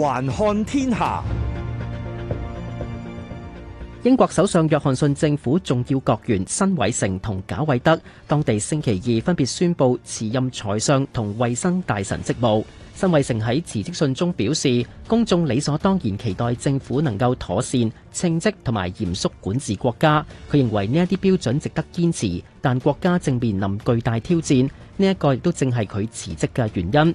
環看天下，英國首相約翰遜政府重要閣員辛偉誠同賈偉德，當地星期二分別宣佈辭任財相同衛生大臣職務。辛偉誠喺辭職信中表示，公眾理所當然期待政府能夠妥善稱職同埋嚴肅管治國家。佢認為呢一啲標準值得堅持，但國家正面臨巨大挑戰，呢一個亦都正係佢辭職嘅原因。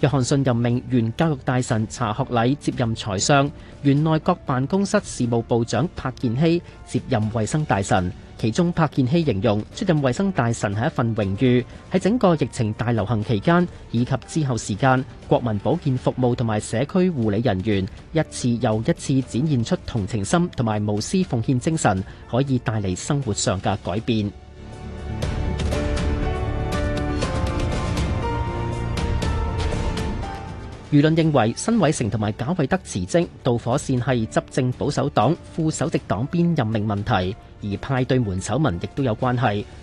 約翰遜任命原教育大臣查學禮接任財相，原內閣辦公室事務部長柏建熙接任衛生大臣。其中柏建熙形容出任衛生大臣係一份榮譽，喺整個疫情大流行期間以及之後時間，國民保健服務同埋社區護理人員一次又一次展現出同情心同埋無私奉獻精神，可以帶嚟生活上嘅改變。輿論認為，辛偉誠同埋賈偉德辭職導火線係執政保守黨副首席黨鞭任命問題，而派對門醜聞亦都有關係。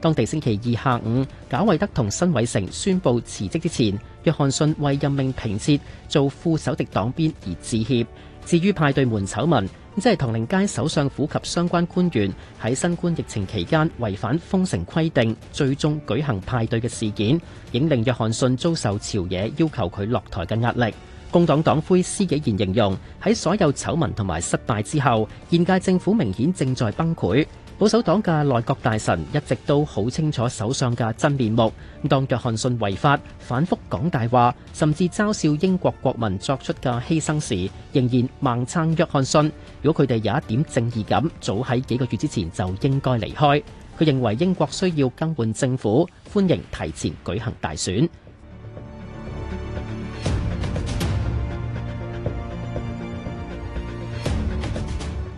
當地星期二下午，賈偉德同辛偉誠宣布辭職之前，約翰遜為任命平設做副首席黨鞭而致歉。至於派對門醜聞，即係唐寧街首相府及相關官員喺新冠疫情期間違反封城規定，最終舉行派對嘅事件，影令約翰遜遭受朝野要求佢落台嘅壓力。工黨黨魁施紀賢形容喺所有醜聞同埋失敗之後，現屆政府明顯正在崩潰。保守黨嘅內閣大臣一直都好清楚首相嘅真面目。當約翰遜違法、反覆講大話，甚至嘲笑英國國民作出嘅犧牲時，仍然盲撐約翰遜。如果佢哋有一點正義感，早喺幾個月之前就應該離開。佢認為英國需要更換政府，歡迎提前舉行大選。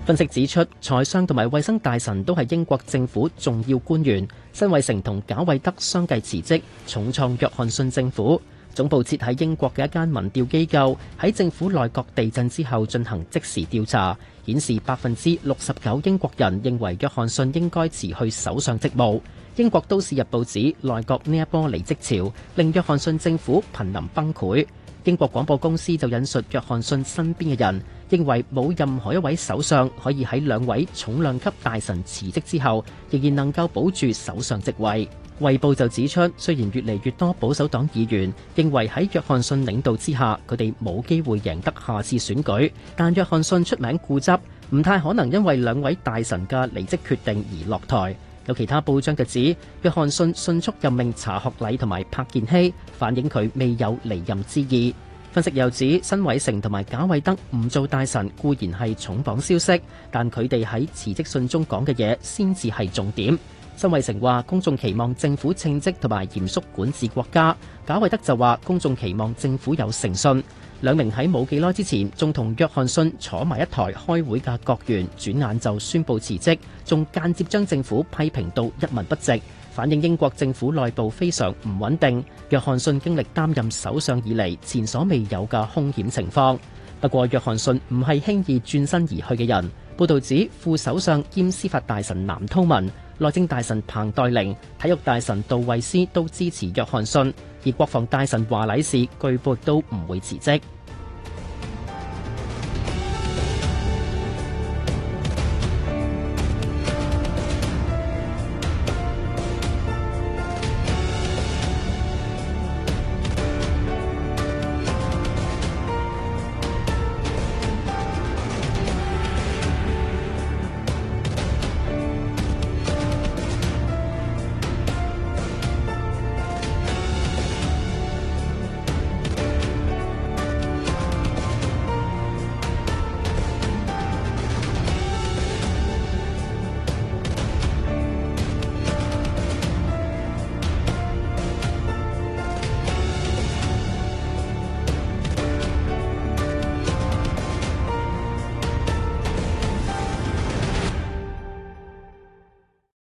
分析指出，財相同埋衛生大臣都係英國政府重要官員，辛偉誠同賈偉德相繼辭職，重創約翰遜政府。總部設喺英國嘅一間民調機構喺政府內閣地震之後進行即時調查，顯示百分之六十九英國人認為約翰遜應該辭去首相職務，英國都市日報指內閣呢一波離職潮令約翰遜政府瀕臨崩潰，英國廣播公司就引述約翰遜身邊嘅人。認為冇任何一位首相可以喺兩位重量級大臣辭職之後，仍然能夠保住首相職位。衛報就指出，雖然越嚟越多保守黨議員認為喺約翰遜領導之下，佢哋冇機會贏得下次選舉，但約翰遜出名固執，唔太可能因為兩位大臣嘅離職決定而落台。有其他報章嘅指，約翰遜迅，迅速任命查學禮同埋柏建熙，反映佢未有離任之意。分析又指，辛偉誠同埋賈偉德唔做大臣固然係重磅消息，但佢哋喺辭職信中講嘅嘢，先至係重點。辛偉誠話公眾期望政府稱職同埋嚴肅管治國家。賈偉德就話公眾期望政府有誠信。兩名喺冇幾耐之前仲同約翰遜坐埋一台開會嘅閣員轉眼就宣布辭職，仲間接將政府批評到一文不值。反映英國政府內部非常唔穩定，約翰遜經歷擔任首相以嚟前所未有的凶險情況。不過約翰遜唔係輕易轉身而去嘅人。報道指副首相兼司法大臣藍韜文、內政大臣彭黛玲、體育大臣杜維斯都支持約翰遜，而國防大臣華禮士據報都唔會辭職。